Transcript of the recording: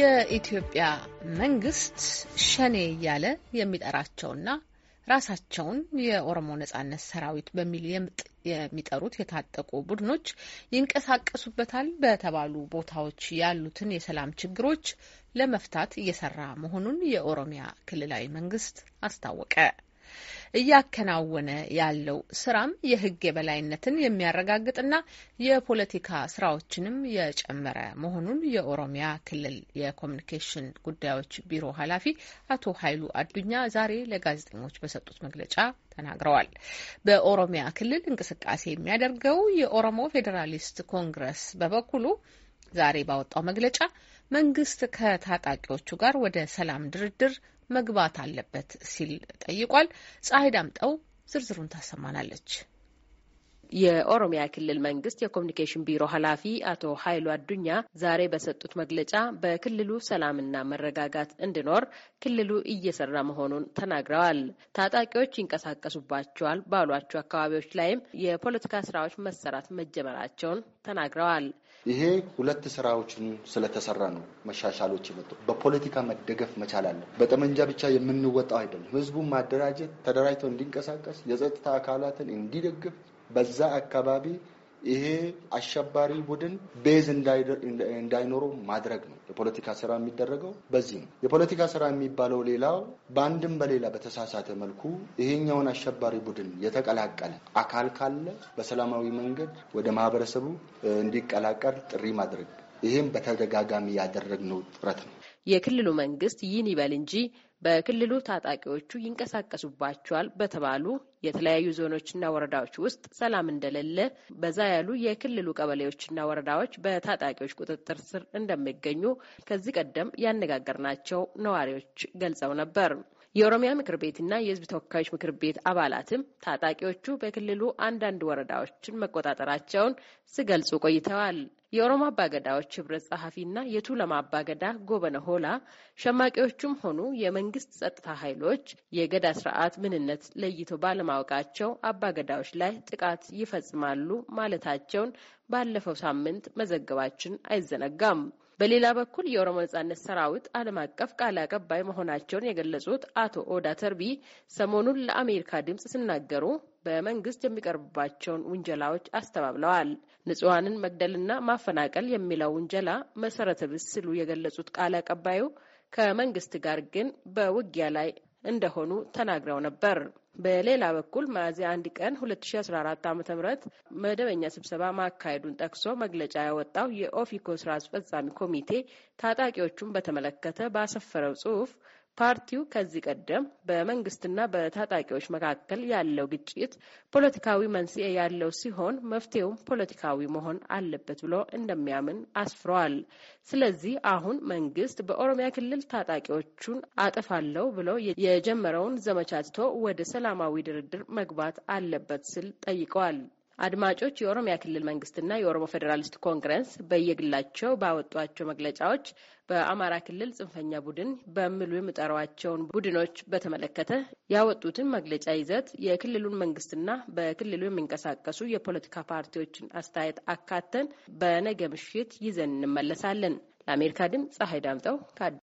የኢትዮጵያ መንግስት ሸኔ እያለ የሚጠራቸውና ራሳቸውን የኦሮሞ ነጻነት ሰራዊት በሚል የሚጠሩት የታጠቁ ቡድኖች ይንቀሳቀሱበታል በተባሉ ቦታዎች ያሉትን የሰላም ችግሮች ለመፍታት እየሰራ መሆኑን የኦሮሚያ ክልላዊ መንግስት አስታወቀ። እያከናወነ ያለው ስራም የህግ የበላይነትን የሚያረጋግጥና የፖለቲካ ስራዎችንም የጨመረ መሆኑን የኦሮሚያ ክልል የኮሚኒኬሽን ጉዳዮች ቢሮ ኃላፊ አቶ ኃይሉ አዱኛ ዛሬ ለጋዜጠኞች በሰጡት መግለጫ ተናግረዋል። በኦሮሚያ ክልል እንቅስቃሴ የሚያደርገው የኦሮሞ ፌዴራሊስት ኮንግረስ በበኩሉ ዛሬ ባወጣው መግለጫ መንግስት ከታጣቂዎቹ ጋር ወደ ሰላም ድርድር መግባት አለበት ሲል ጠይቋል። ፀሐይ ዳምጠው ዝርዝሩን ታሰማናለች። የኦሮሚያ ክልል መንግስት የኮሚኒኬሽን ቢሮ ኃላፊ አቶ ሀይሉ አዱኛ ዛሬ በሰጡት መግለጫ በክልሉ ሰላምና መረጋጋት እንዲኖር ክልሉ እየሰራ መሆኑን ተናግረዋል። ታጣቂዎች ይንቀሳቀሱባቸዋል ባሏቸው አካባቢዎች ላይም የፖለቲካ ስራዎች መሰራት መጀመራቸውን ተናግረዋል። ይሄ ሁለት ስራዎችን ስለተሰራ ነው መሻሻሎች የመጡ። በፖለቲካ መደገፍ መቻል አለ። በጠመንጃ ብቻ የምንወጣው አይደለም። ህዝቡን ማደራጀት፣ ተደራጅተው እንዲንቀሳቀስ፣ የጸጥታ አካላትን እንዲደግፍ በዛ አካባቢ ይሄ አሸባሪ ቡድን ቤዝ እንዳይኖረው ማድረግ ነው የፖለቲካ ስራ የሚደረገው። በዚህ ነው የፖለቲካ ስራ የሚባለው። ሌላው በአንድም በሌላ በተሳሳተ መልኩ ይሄኛውን አሸባሪ ቡድን የተቀላቀለ አካል ካለ በሰላማዊ መንገድ ወደ ማህበረሰቡ እንዲቀላቀል ጥሪ ማድረግ ይህም በተደጋጋሚ ያደረግነው ጥረት ነው። የክልሉ መንግስት ይህን ይበል እንጂ በክልሉ ታጣቂዎቹ ይንቀሳቀሱባቸዋል በተባሉ የተለያዩ ዞኖችና ወረዳዎች ውስጥ ሰላም እንደሌለ በዛ ያሉ የክልሉ ቀበሌዎችና ወረዳዎች በታጣቂዎች ቁጥጥር ስር እንደሚገኙ ከዚህ ቀደም ያነጋገርናቸው ነዋሪዎች ገልጸው ነበር። የኦሮሚያ ምክር ቤትና የሕዝብ ተወካዮች ምክር ቤት አባላትም ታጣቂዎቹ በክልሉ አንዳንድ ወረዳዎችን መቆጣጠራቸውን ሲገልጹ ቆይተዋል። የኦሮሞ አባገዳዎች ህብረት ጸሐፊና የቱለማ አባገዳ ጎበነ ሆላ ሸማቂዎቹም ሆኑ የመንግስት ጸጥታ ኃይሎች የገዳ ስርዓት ምንነት ለይቶ ባለማወቃቸው አባገዳዎች ላይ ጥቃት ይፈጽማሉ ማለታቸውን ባለፈው ሳምንት መዘገባችን አይዘነጋም። በሌላ በኩል የኦሮሞ ነጻነት ሰራዊት ዓለም አቀፍ ቃል አቀባይ መሆናቸውን የገለጹት አቶ ኦዳ ተርቢ ሰሞኑን ለአሜሪካ ድምፅ ሲናገሩ በመንግስት የሚቀርብባቸውን ውንጀላዎች አስተባብለዋል። ንጹሐንን መግደልና ማፈናቀል የሚለው ውንጀላ መሰረተ ቢስ ሲሉ የገለጹት ቃል አቀባዩ ከመንግስት ጋር ግን በውጊያ ላይ እንደሆኑ ተናግረው ነበር። በሌላ በኩል ሚያዝያ አንድ ቀን 2014 ዓ ም መደበኛ ስብሰባ ማካሄዱን ጠቅሶ መግለጫ ያወጣው የኦፊኮ ስራ አስፈጻሚ ኮሚቴ ታጣቂዎቹን በተመለከተ ባሰፈረው ጽሁፍ ፓርቲው ከዚህ ቀደም በመንግስትና በታጣቂዎች መካከል ያለው ግጭት ፖለቲካዊ መንስኤ ያለው ሲሆን መፍትሄውም ፖለቲካዊ መሆን አለበት ብሎ እንደሚያምን አስፍረዋል። ስለዚህ አሁን መንግስት በኦሮሚያ ክልል ታጣቂዎቹን አጠፋለሁ ብሎ የጀመረውን ዘመቻ ትቶ ወደ ሰላማዊ ድርድር መግባት አለበት ስል ጠይቀዋል። አድማጮች የኦሮሚያ ክልል መንግስትና የኦሮሞ ፌዴራሊስት ኮንግረስ በየግላቸው ባወጧቸው መግለጫዎች በአማራ ክልል ጽንፈኛ ቡድን በሚሉ የሚጠሯቸውን ቡድኖች በተመለከተ ያወጡትን መግለጫ ይዘት የክልሉን መንግስትና በክልሉ የሚንቀሳቀሱ የፖለቲካ ፓርቲዎችን አስተያየት አካተን በነገ ምሽት ይዘን እንመለሳለን። ለአሜሪካ ድምፅ ፀሐይ ዳምጠው ከአዲስ